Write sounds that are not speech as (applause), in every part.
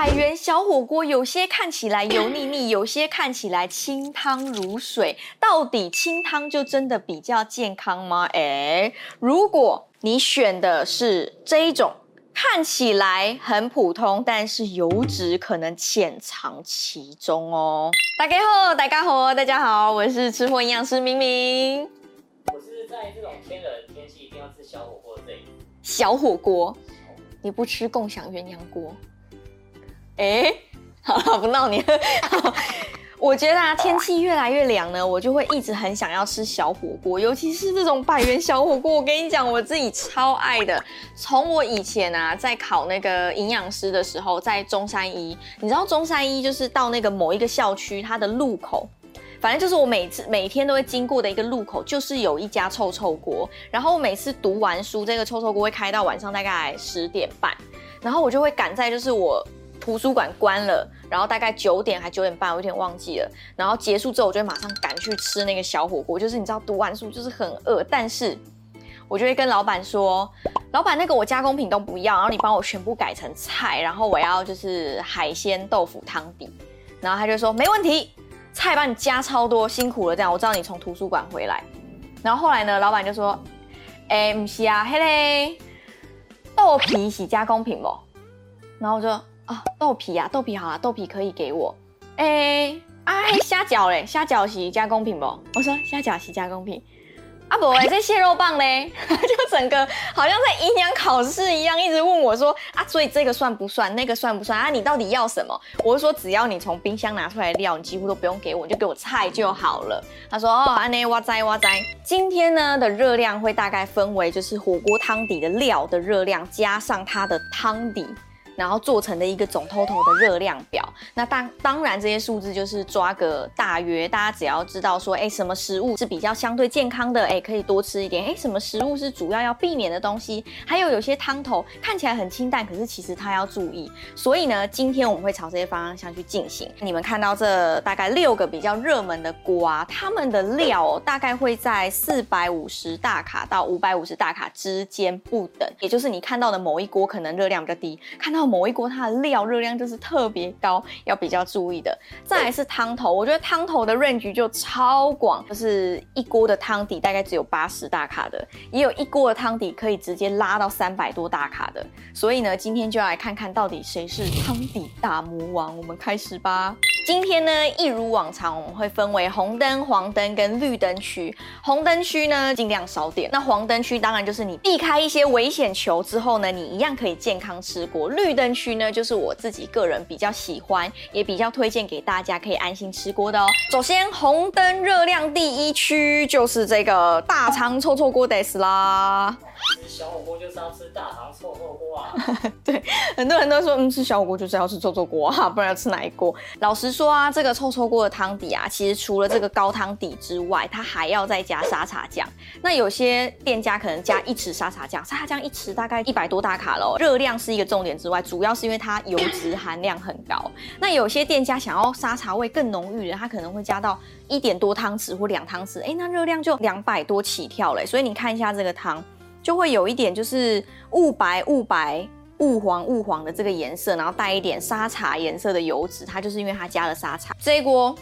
百元小火鍋，有些看起來油膩膩，有些看起來清湯如水，到底清湯就真的比較健康嗎？欸，如果你選的是這一種，看起來很普通，但是油脂可能潛藏其中哦。大家好，大家好，大家好，我是吃貨營養師明明。我是在這種天冷天氣一定要吃小火鍋，這小火鍋，你不吃共享鴛鴦鍋？哎，好了，不鬧你了。我覺得啊，天氣越來越涼了，我就會一直很想要吃小火鍋，尤其是這種百元小火鍋。我跟你講，我自己超愛的。從我以前啊，在考那個營養師的時候，在中山醫。你知道中山醫就是到那個某一個校區，它的路口，反正就是我每次每天都會經過的一個路口，就是有一家臭臭鍋。然後我每次讀完書，這個臭臭鍋會開到晚上大概十點半，然後我就會趕在就是我。圖書館關了，然後大概九點還九點半，我有點忘記了。然後結束之後，我就會馬上趕去吃那個小火鍋。就是你知道，讀完書就是很餓，但是我就會跟老闆說：“老闆，那個我加工品都不要，然後你幫我全部改成菜，然後我要就是海鮮豆腐湯底。”然後他就說：“沒問題，菜幫你加超多，辛苦了。”這樣我知道你從圖書館回來。然後後來呢，老闆就說：“哎、欸，不是啊，嘿咧，豆皮是加工品不？”然後我就。哦，豆皮呀、啊，豆皮好啊，豆皮可以給我。哎、欸，哎、啊，蝦餃嘞，蝦餃是加工品不？我說蝦餃是加工品。阿、啊、伯，這蟹肉棒嘞， (laughs) 就整個好像在營養考試一樣，一直問我說，啊，所以這個算不算？那個算不算啊？你到底要什麼？我就說，只要你從冰箱拿出來料，你幾乎都不用給我，就給我菜就好了。他說，哦，安內哇哉哇哉，今天呢的熱量會大概分為，就是火鍋湯底的料的熱量加上它的湯底。然後做成的一個總湯頭的熱量表，那當，當然這些數字就是抓個大約，大家只要知道說，哎，什麼食物是比較相對健康的，哎，可以多吃一點，哎，什麼食物是主要要避免的東西，還有有些湯頭看起來很清淡，可是其實它要注意。所以呢，今天我們會朝這些方向去進行。你們看到這大概六個比較熱門的鍋啊，它們的料大概會在四百五十大卡到五百五十大卡之間不等，也就是你看到的某一鍋可能熱量比較低，看到。某一鍋它的料熱量就是特別高，要比較注意的。再來是湯頭，我覺得湯頭的 range 就超廣，就是一鍋的湯底大概只有八十大卡的，也有一鍋的湯底可以直接拉到三百多大卡的。所以呢，今天就要來看看到底誰是湯底大魔王，我們開始吧。今天呢，一如往常，我們會分為紅燈、黃燈跟綠燈區。紅燈區呢，盡量少點；那黃燈區當然就是你避開一些危險球之後呢，你一樣可以健康吃鍋。綠燈區呢，就是我自己個人比較喜歡，也比較推薦給大家可以安心吃鍋的哦、喔。首先，紅燈熱量第一區就是這個大腸臭臭鍋です啦。吃小火鍋就是要吃大腸臭臭鍋啊！ (laughs) 對，很多人都說，嗯，吃小火鍋就是要吃臭臭鍋啊，不然要吃哪一鍋？老實說啊，這個臭臭鍋的湯底啊，其實除了這個高湯底之外，它還要再加沙茶醬。那有些店家可能加一匙沙茶醬，沙茶醬一匙大概一百多大卡咯。熱量是一個重點之外，主要是因為它油脂含量很高。那有些店家想要沙茶味更濃郁的，它可能會加到一點多湯匙或兩湯匙，哎、欸，那熱量就兩百多起跳嘞。所以你看一下這個湯。就會有一點就是霧白霧白霧黃霧黃的這個顏色，然後帶一點沙茶顏色的油脂，它就是因為它加了沙茶。這一鍋。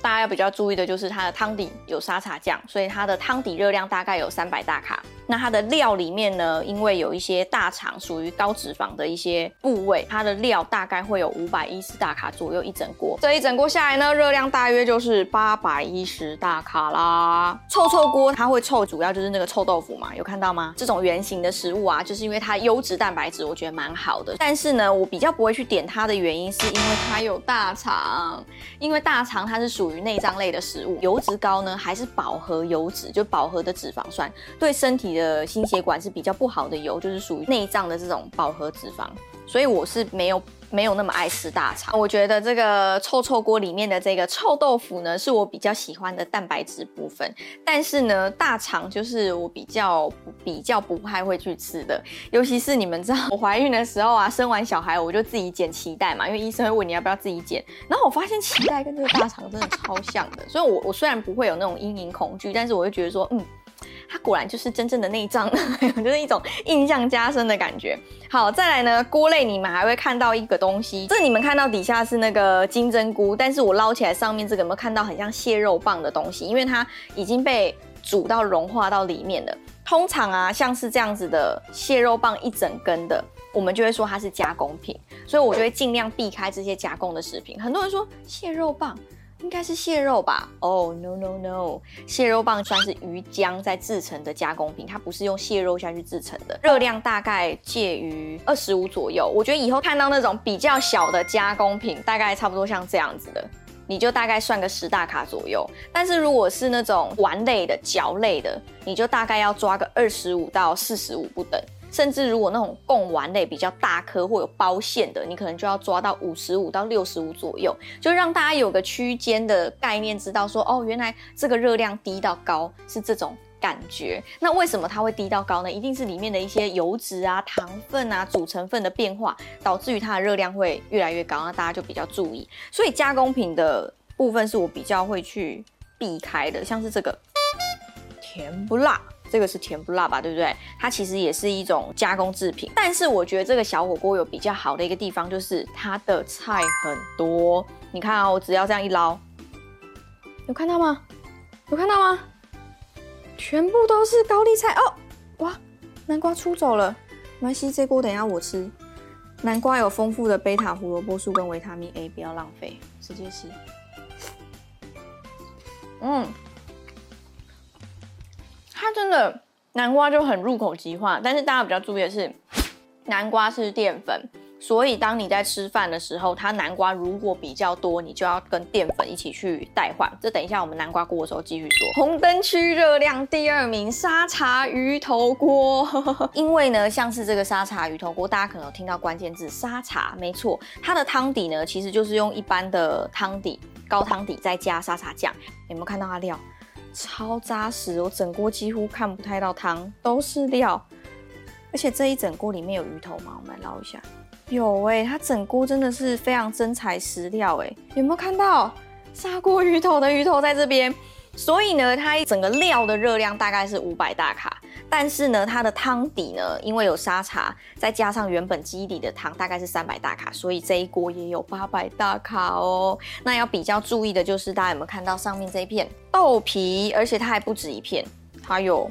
大家要比較注意的就是它的湯底有沙茶醬，所以它的湯底熱量大概有三百大卡。那它的料裡面呢，因為有一些大腸屬於高脂肪的一些部位，它的料大概會有五百一十大卡左右一整鍋。這一整鍋下來呢，熱量大約就是八百一十大卡啦。臭臭鍋它會臭，主要就是那個臭豆腐嘛，有看到嗎？這種圓形的食物啊，就是因為它優質蛋白質，我覺得蠻好的。但是呢，我比較不會去點它的原因，是因為它有大腸，因為大腸它是屬於屬於內臟類的食物，油脂高呢，還是飽和油脂？就飽和的脂肪酸，對身體的心血管是比較不好的油，就是屬於內臟的這種飽和脂肪，所以我是沒有。沒有那麼愛吃大腸，我覺得這個臭臭鍋裡面的這個臭豆腐呢，是我比較喜歡的蛋白質部分。但是呢，大腸就是我比較比較不太會去吃的，尤其是你們知道我懷孕的時候啊，生完小孩我就自己剪臍帶嘛，因為醫生會問你要不要自己剪，然後我發現臍帶跟這個大腸真的超像的，所以我我雖然不會有那種陰影恐懼，但是我會覺得說，嗯。果然就是真正的內臟， (laughs) 就是一種印象加深的感覺。好，再來呢，鍋內你們還會看到一個東西，這你們看到底下是那個金針菇，但是我撈起來上面這個有沒有看到很像蟹肉棒的東西？因為它已經被煮到融化到裡面了。通常啊，像是這樣子的蟹肉棒一整根的，我們就會說它是加工品。所以我就會盡量避開這些加工的食品。很多人說蟹肉棒。應該是蟹肉吧？Oh no no no！蟹肉棒算是魚漿在製成的加工品，它不是用蟹肉下去製成的。熱量大概介於二十五左右。我覺得以後看到那種比較小的加工品，大概差不多像這樣子的，你就大概算個十大卡左右。但是如果是那種丸類的、嚼類的，你就大概要抓個二十五到四十五不等。甚至如果那種貢丸類比較大顆或有包餡的，你可能就要抓到五十五到六十五左右，就讓大家有個區間的概念，知道說哦，原來這個熱量低到高是這種感覺。那為什麼它會低到高呢？一定是裡面的一些油脂啊、糖分啊、組成分的變化，導致於它的熱量會越來越高，那大家就比較注意。所以加工品的部分是我比較會去避開的，像是這個甜不辣。這個是甜不辣吧，對不對？它其實也是一種加工製品。但是我覺得這個小火鍋有比較好的一個地方，就是它的菜很多。你看啊，我只要這樣一撈，有看到嗎？有看到嗎？全部都是高麗菜哦！Oh! 哇，南瓜出走了。沒關係，這鍋等一下我吃。南瓜有豐富的貝塔胡蘿蔔素跟維他命 A，不要浪費，直接吃。嗯。它真的南瓜就很入口即化，但是大家比較注意的是，南瓜是澱粉，所以當你在吃飯的時候，它南瓜如果比較多，你就要跟澱粉一起去代換。這等一下我們南瓜鍋的時候繼續說。紅燈區熱量第二名沙茶魚頭鍋， (laughs) 因為呢，像是這個沙茶魚頭鍋，大家可能有聽到關鍵字沙茶，沒錯，它的湯底呢其實就是用一般的湯底高湯底再加沙茶醬，有沒有看到它料？超扎實，我整鍋幾乎看不太到湯，都是料。而且這一整鍋裡面有魚頭嗎？我們來撈一下。有誒，它整鍋真的是非常真材實料誒。有沒有看到砂鍋魚頭的魚頭在這邊？所以呢，它一整個料的熱量大概是五百大卡。但是呢，它的湯底呢，因為有沙茶，再加上原本基底的湯，大概是三百大卡，所以這一鍋也有八百大卡哦。那要比較注意的就是，大家有沒有看到上面這一片豆皮？而且它還不止一片，它有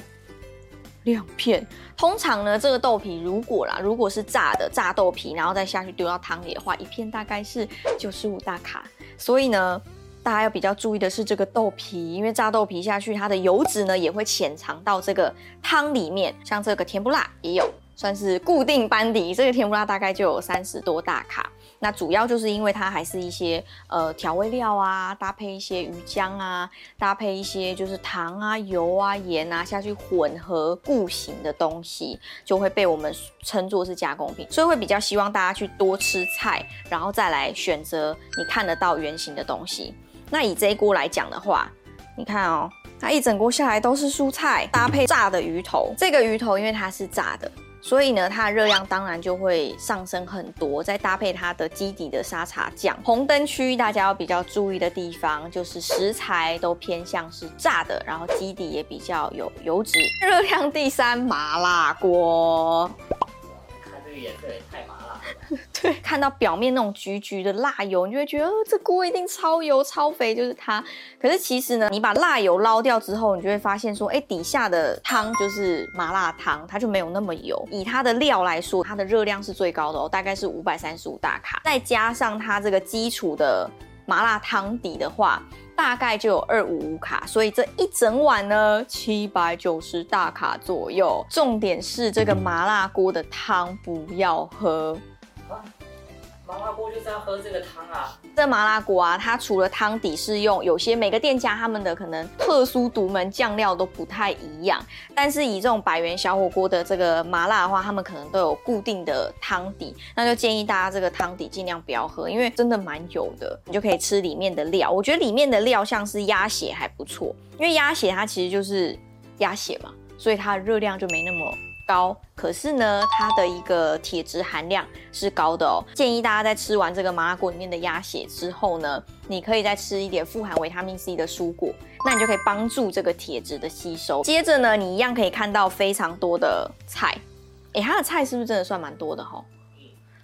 兩片。通常呢，這個豆皮如果啦，如果是炸的炸豆皮，然後再下去丟到湯裡的話，一片大概是九十五大卡。所以呢。大家要比較注意的是這個豆皮，因為炸豆皮下去，它的油脂呢，也會潛藏到這個湯裡面。像這個甜不辣也有，算是固定班底。這個甜不辣大概就有三十多大卡。那主要就是因為它還是一些呃調味料啊，搭配一些魚漿啊，搭配一些就是糖啊、油啊、鹽啊下去混合固形的東西，就會被我們稱作是加工品。所以會比較希望大家去多吃菜，然後再來選擇你看得到原型的東西。那以這一鍋來講的話，你看哦、喔，它一整鍋下來都是蔬菜搭配炸的魚頭。這個魚頭因為它是炸的，所以呢，它的熱量當然就會上升很多。再搭配它的基底的沙茶醬，紅燈區，大家要比較注意的地方就是食材都偏向是炸的，然後基底也比較有油脂。熱量第三麻辣鍋。哇，看這個顏色也太麻辣了。 (laughs) 對，看到表面那種橘橘的辣油，你就會覺得，哦，這鍋一定超油超肥，就是它。可是其實呢，你把辣油撈掉之後，你就會發現說，哎，底下的湯就是麻辣湯，它就沒有那麼油。以它的料來說，它的熱量是最高的哦，大概是五百三十五大卡。再加上它這個基礎的麻辣湯底的話，大概就有二五五卡。所以這一整碗呢，七百九十大卡左右。重點是這個麻辣鍋的湯不要喝。啊，麻辣鍋就是要喝這個湯啊。這麻辣鍋啊，它除了湯底是用，有些每個店家他們的可能特殊獨門醬料都不太一樣。但是以這種百元小火鍋的這個麻辣的話，他們可能都有固定的湯底，那就建議大家這個湯底儘量不要喝，因為真的蠻油的。你就可以吃裡面的料，我覺得裡面的料像是鴨血還不錯，因為鴨血它其實就是鴨血嘛，所以它的熱量就沒那麼。高，可是呢，它的一個鐵質含量是高的哦。建議大家在吃完這個麻辣鍋裡面的鴨血之後呢，你可以再吃一點富含維他命 C 的蔬果，那你就可以幫助這個鐵質的吸收。接着呢，你一樣可以看到非常多的菜，哎，它的菜是不是真的算蠻多的哈？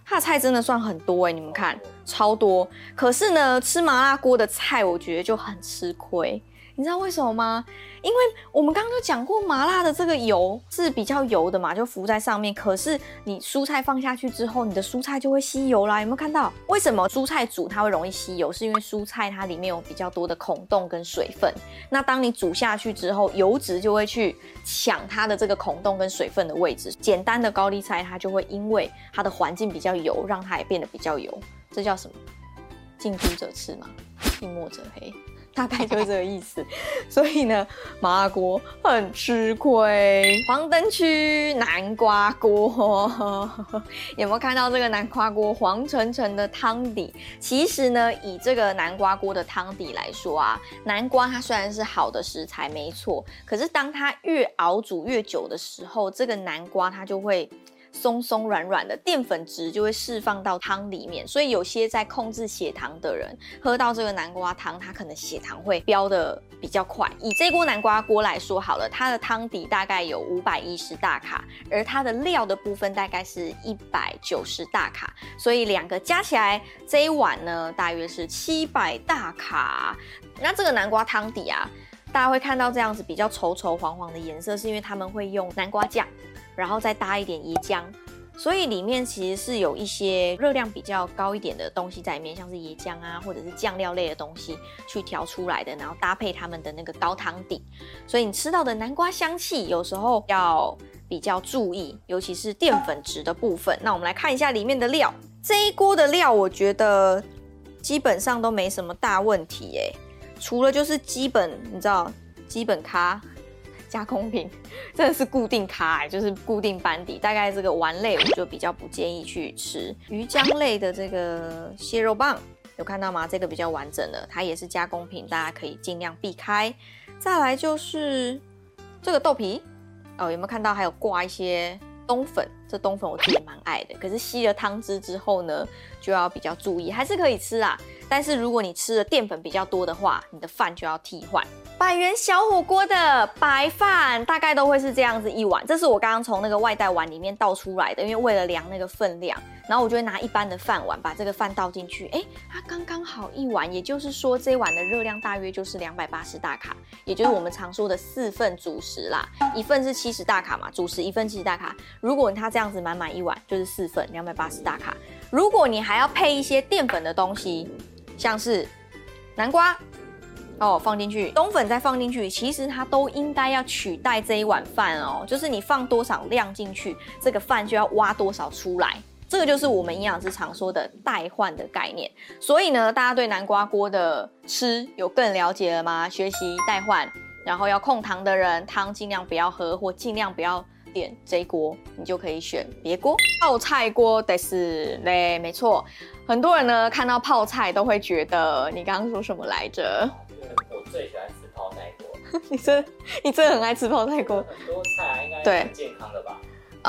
它的菜真的算很多哎，你們看，超多。可是呢，吃麻辣鍋的菜，我覺得就很吃虧。你知道為什麼嗎？因為我們剛剛就講過，麻辣的這個油是比較油的嘛，就浮在上面。可是你蔬菜放下去之後，你的蔬菜就會吸油啦。有沒有看到？為什麼蔬菜煮它會容易吸油？是因為蔬菜它裡面有比較多的孔洞跟水分。那當你煮下去之後，油脂就會去搶它的這個孔洞跟水分的位置。簡單的高麗菜它就會因為它的環境比較油，讓它也變得比較油。這叫什麼？近朱者赤嘛，近墨者黑。大概就是這個意思， (laughs) 所以呢，麻辣鍋很吃虧。黃燈區南瓜鍋， (laughs) 有沒有看到這個南瓜鍋？黃澄澄的湯底。其實呢，以這個南瓜鍋的湯底來說啊，南瓜它雖然是好的食材，沒錯，可是當它越熬煮越久的時候，這個南瓜它就會鬆鬆軟軟的澱粉質就會釋放到湯裡面，所以有些在控制血糖的人喝到這個南瓜湯，他可能血糖會飆得比較快。以這鍋南瓜鍋來說好了，它的湯底大概有五百一十大卡，而它的料的部分大概是一百九十大卡，所以兩個加起來這一碗呢，大約是七百大卡。那這個南瓜湯底啊，大家會看到這樣子比較稠稠黃黃的顏色，是因為他們會用南瓜醬。然後再搭一點椰漿，所以裡面其實是有一些熱量比較高一點的東西在裡面，像是椰漿啊，或者是醬料類的東西去調出來的，然後搭配他們的那個高湯底，所以你吃到的南瓜香氣有時候要比較注意，尤其是澱粉質的部分。那我們來看一下裡面的料，這一鍋的料我覺得基本上都沒什麼大問題哎、欸，除了就是基本你知道基本咖。加工品真的是固定咖，就是固定班底。大概這個丸類，我就比較不建議去吃。魚漿類的這個蟹肉棒，有看到嗎？這個比較完整的，它也是加工品，大家可以盡量避開。再來就是這個豆皮，哦，有沒有看到還有掛一些冬粉？這冬粉我自己蠻愛的，可是吸了湯汁之後呢，就要比較注意，還是可以吃啊。但是如果你吃的澱粉比較多的話，你的飯就要替換。百元小火鍋的白飯大概都會是這樣子一碗，這是我剛剛從那個外帶碗裡面倒出來的，因為為了量那個分量，然後我就會拿一般的飯碗把這個飯倒進去，哎、欸，它剛剛好一碗，也就是說這一碗的熱量大約就是兩百八十大卡，也就是我們常說的四份主食啦，一份是七十大卡嘛，主食一份七十大卡，如果它這樣子滿滿一碗就是四份兩百八十大卡，如果你還要配一些澱粉的東西，像是南瓜。哦，放進去冬粉，再放進去，其實它都應該要取代這一碗飯哦。就是你放多少量進去，這個飯就要挖多少出來。這個就是我們營養師常說的代換的概念。所以呢，大家對南瓜鍋的吃有更了解了嗎？學習代換，然後要控糖的人，湯盡量不要喝，或盡量不要點這一鍋，你就可以選別鍋。泡菜鍋得是嘞，沒錯。很多人呢，看到泡菜都會覺得，你剛剛說什麼來着？最喜歡吃泡菜鍋， (laughs) 你真你真的很愛吃泡菜鍋， (laughs) 很多菜啊，應該很健康的吧？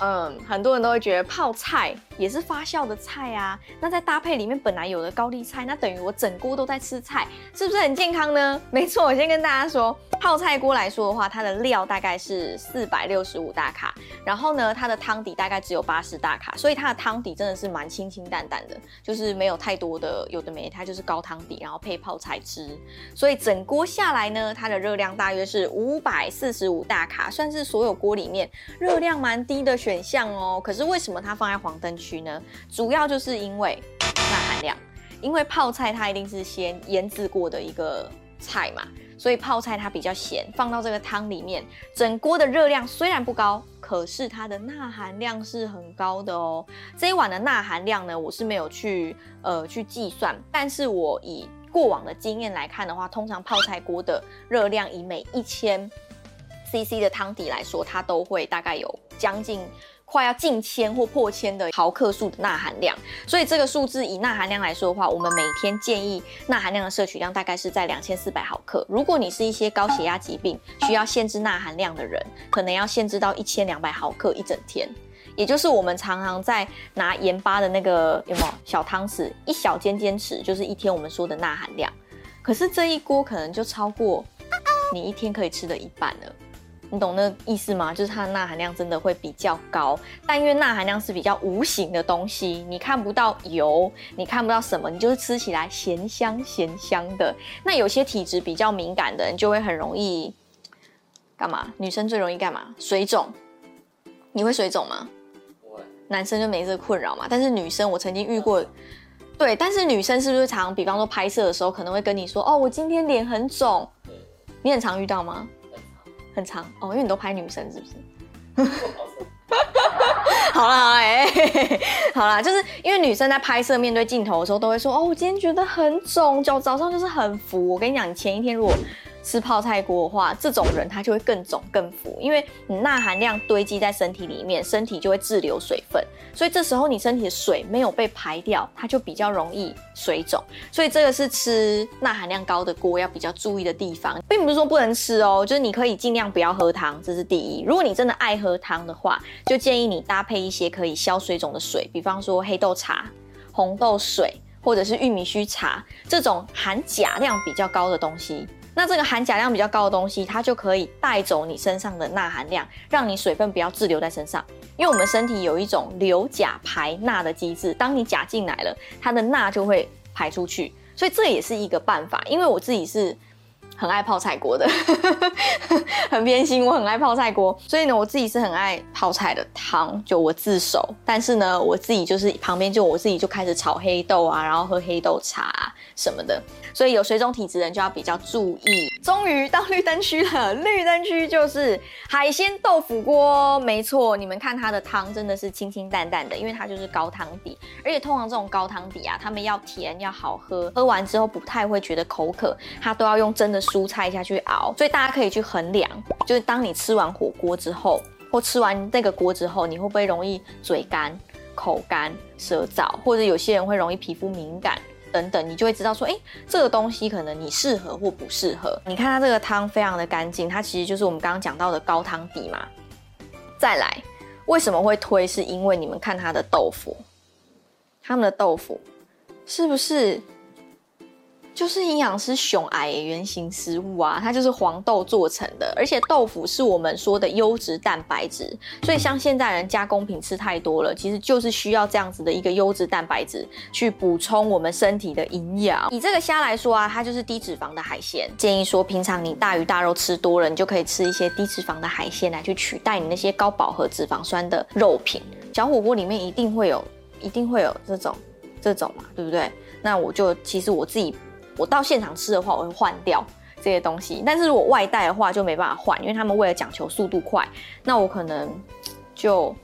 嗯，很多人都會覺得泡菜也是發酵的菜啊。那在搭配裡面本來有的高麗菜，那等於我整鍋都在吃菜，是不是很健康呢？沒錯，我先跟大家說，泡菜鍋來說的話，它的料大概是四百六十五大卡，然後呢，它的湯底大概只有八十大卡，所以它的湯底真的是蠻清清淡淡的，就是沒有太多的有的沒，它就是高湯底，然後配泡菜汁。所以整鍋下來呢，它的熱量大約是五百四十五大卡，算是所有鍋裡面熱量蠻低的。選項哦，可是為什麼它放在黃燈區呢？主要就是因為鈉含量，因為泡菜它一定是先醃制過的一個菜嘛，所以泡菜它比較鹹，放到這個湯裡面，整鍋的熱量雖然不高，可是它的鈉含量是很高的哦。這一碗的鈉含量呢，我是沒有去呃去計算，但是我以過往的經驗來看的話，通常泡菜鍋的熱量以每一千 C C 的湯底來說，它都會大概有將近快要近千或破千的毫克數的鈉含量。所以這個數字以鈉含量來說的話，我們每天建議鈉含量的攝取量大概是在兩千四百毫克。如果你是一些高血壓疾病需要限制鈉含量的人，可能要限制到一千兩百毫克一整天。也就是我們常常在拿鹽巴的那個，有沒有？小湯匙，一小尖尖匙就是一天我們說的鈉含量。可是這一鍋可能就超過你一天可以吃的一半了。你懂那個意思嗎？就是它的鈉含量真的會比較高，但因為鈉含量是比較無形的東西，你看不到油，你看不到什麼，你就是吃起來鹹香鹹香的。那有些體質比較敏感的人就會很容易幹嘛？女生最容易幹嘛？水腫。你會水腫嗎？不會。男生就沒這個困擾嘛。但是女生，我曾經遇過。嗯。對，但是女生是不是常常，比方說拍攝的時候可能會跟你說：“哦，我今天臉很腫。”嗯。你很常遇到嗎？很長哦，因為你都拍女生是不是？ (laughs) 好啦，好啦哎、欸，好啦。就是因為女生在拍攝面對鏡頭的時候，都會說哦，我今天覺得很腫，腳早上就是很浮。我跟你講，你前一天如果。吃泡菜鍋的話，這種人他就會更腫更浮，因為你鈉含量堆積在身體裡面，身體就會滯留水分，所以這時候你身體的水沒有被排掉，它就比較容易水腫。所以這個是吃鈉含量高的鍋要比較注意的地方，並不是說不能吃哦，就是你可以盡量不要喝湯，這是第一。如果你真的愛喝湯的話，就建議你搭配一些可以消水腫的水，比方說黑豆茶、紅豆水或者是玉米鬚茶這種含鉀量比較高的東西。那這個含鉀量比較高的東西，它就可以帶走你身上的鈉含量，讓你水分不要滯留在身上。因為我們身體有一種留鉀排鈉的機制，當你鉀進來了，它的鈉就會排出去，所以這也是一個辦法。因為我自己是很愛泡菜鍋的， (laughs) 很偏心，我很愛泡菜鍋，所以呢，我自己是很愛泡菜的湯，就我自首，但是呢，我自己就是旁邊就我自己就開始炒黑豆啊，然後喝黑豆茶啊。什麼的，所以有水腫體質的人就要比較注意。終於到綠燈區了，綠燈區就是海鮮豆腐鍋，沒錯。你們看它的湯真的是清清淡淡的，因為它就是高湯底，而且通常這種高湯底啊，它們要甜要好喝，喝完之後不太會覺得口渴，它都要用真的蔬菜下去熬。所以大家可以去衡量，就是當你吃完火鍋之後，或吃完那個鍋之後，你會不會容易嘴乾、口乾、舌燥，或者有些人會容易皮膚敏感。等等，你就會知道說，哎、欸，這個東西可能你適合或不適合。你看它這個湯非常的乾淨，它其實就是我們剛剛講到的高湯底嘛。再來，為什麼會推？是因為你們看它的豆腐，他們的豆腐是不是？就是營養師熊矮原型食物啊，它就是黃豆做成的，而且豆腐是我們說的優質蛋白質，所以像現在人加工品吃太多了，其實就是需要這樣子的一個優質蛋白質去補充我們身體的營養。以這個蝦來說啊，它就是低脂肪的海鮮，建議說平常你大魚大肉吃多了，你就可以吃一些低脂肪的海鮮來去取代你那些高飽和脂肪酸的肉品。小火鍋裡面一定會有，一定會有這種這種嘛，對不對？那我就其實我自己。我到現場吃的話，我會換掉這些東西；但是如果外帶的話，就沒辦法換，因為他們為了講求速度快，那我可能就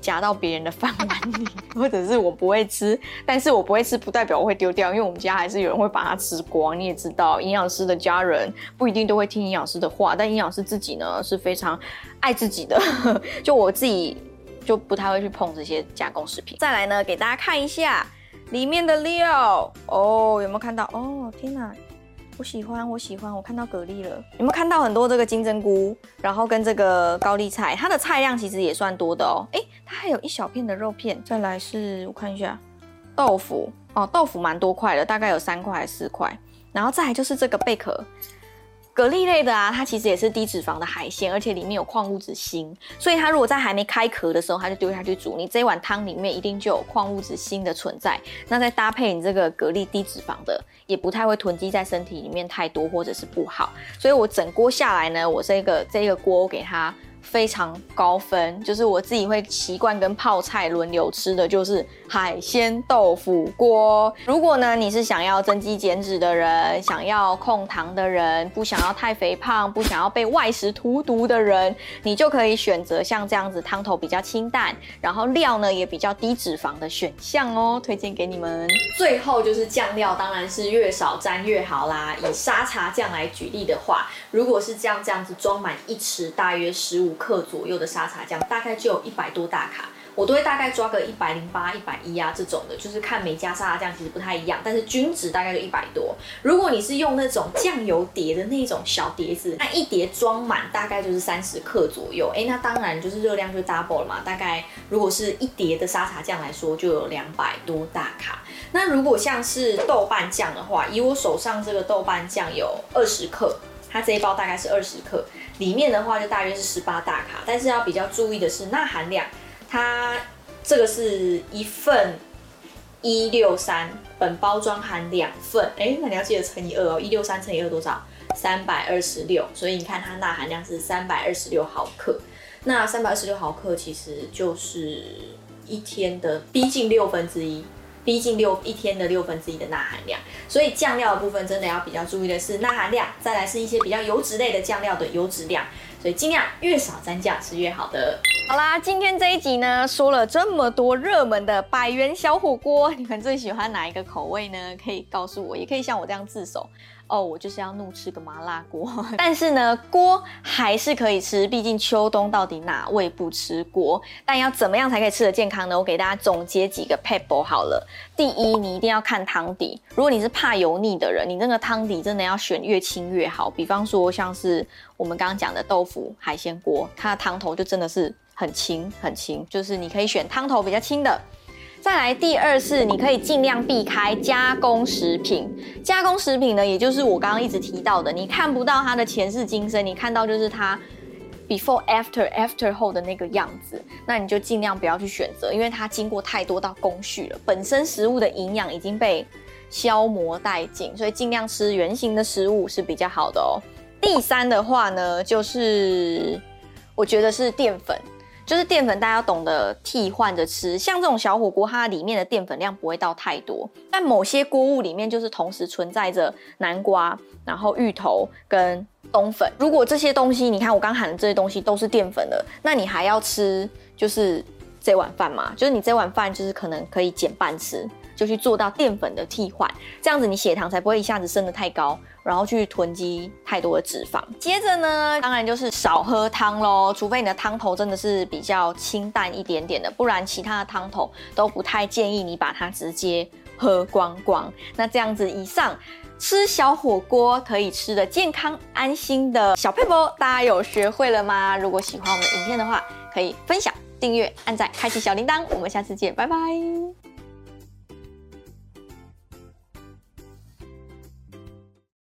夾到別人的飯碗裡，或者是我不會吃。但是我不會吃，不代表我會丟掉，因為我們家還是有人會把它吃光。你也知道，營養師的家人不一定都會聽營養師的話，但營養師自己呢，是非常愛自己的。就我自己就不太會去碰這些加工食品。再來呢，給大家看一下。裡面的料哦，有沒有看到？哦、oh，天哪，我喜歡，我喜歡，我看到蛤蜊了。有沒有看到很多這個金針菇，然後跟這個高麗菜，它的菜量其實也算多的哦。哎、欸，它還有一小片的肉片。再來是，我看一下，豆腐哦，豆腐蠻多塊的，大概有三塊還是四塊。然後再來就是這個貝殼。蛤蜊類的啊，它其實也是低脂肪的海鮮，而且裡面有礦物質鋅，所以它如果在還沒開殼的時候，它就丟下去煮，你這碗湯裡面一定就有礦物質鋅的存在。那再搭配你這個蛤蜊低脂肪的，也不太會囤積在身體裡面太多或者是不好。所以我整鍋下來呢，我這個這個鍋我給它。非常高分，就是我自己會習慣跟泡菜輪流吃的就是海鮮豆腐鍋。如果呢你是想要增肌減脂的人，想要控糖的人，不想要太肥胖，不想要被外食荼毒的人，你就可以選擇像這樣子湯頭比較清淡，然後料呢也比較低脂肪的選項哦，推薦給你們。最後就是醬料，當然是越少沾越好啦。以沙茶醬來舉例的話，如果是這樣這樣子裝滿一匙，大約十五五克左右的沙茶醬大概就有一百多大卡，我都會大概抓個一百零八、一百一啊這種的，就是看每家沙茶醬其實不太一樣，但是均值大概就一百多。如果你是用那種醬油碟的那種小碟子，那一碟裝滿大概就是三十克左右，誒，那當然就是熱量就 double 了嘛。大概如果是一碟的沙茶醬來說就有兩百多大卡。那如果像是豆瓣醬的話，以我手上這個豆瓣醬有二十克，它這一包大概是二十克。裡面的話就大約是十八大卡，但是要比較注意的是鈉含量，它這個是一份一六三，本包裝含兩份，哎、欸，那你要記得乘以二哦，一六三乘以二多少？三百二十六，所以你看它鈉含量是三百二十六毫克，那三百二十六毫克其實就是一天的逼近六分之一。逼近六一天的六分之一的鈉含量，所以醬料的部分真的要比較注意的是鈉含量，再來是一些比較油脂類的醬料的油脂量，所以盡量越少沾醬吃越好的。好啦，今天這一集呢說了這麼多熱門的百元小火鍋，你們最喜歡哪一個口味呢？可以告訴我，也可以像我這樣自首。哦、oh，我就是要怒吃個麻辣鍋， (laughs) 但是呢，鍋還是可以吃，畢竟秋冬到底哪位不吃鍋？但要怎麼樣才可以吃得健康呢？我給大家總結幾個撇步好了。第一，你一定要看湯底，如果你是怕油膩的人，你那個湯底真的要選越清越好。比方說，像是我們剛剛講的豆腐海鮮鍋，它的湯頭就真的是很清很清，就是你可以選湯頭比較清的。再來第二次，你可以盡量避開加工食品。加工食品呢，也就是我剛剛一直提到的，你看不到它的前世今生，你看到就是它 before after after 後的那個樣子，那你就盡量不要去選擇，因為它經過太多道工序了，本身食物的營養已經被消磨殆盡，所以盡量吃原形的食物是比較好的哦。第三的話呢，就是我覺得是澱粉。就是澱粉，大家懂得替換着吃。像這種小火鍋，它裡面的澱粉量不會到太多。但某些鍋物裡面，就是同時存在着南瓜，然後芋頭跟冬粉。如果這些東西，你看我剛喊的這些東西都是澱粉的，那你還要吃就是這碗飯嗎？就是你這碗飯就是可能可以減半吃。就去做到澱粉的替換，這樣子你血糖才不會一下子升得太高，然後去囤積太多的脂肪。接着呢，當然就是少喝湯嘍，除非你的湯頭真的是比較清淡一點點的，不然其他的湯頭都不太建議你把它直接喝光光。那這樣子，以上吃小火鍋可以吃得健康安心的小撇步，大家有學會了嗎？如果喜歡我們的影片的話，可以分享、訂閱、按讚、開啟小鈴鐺，我們下次見，拜拜。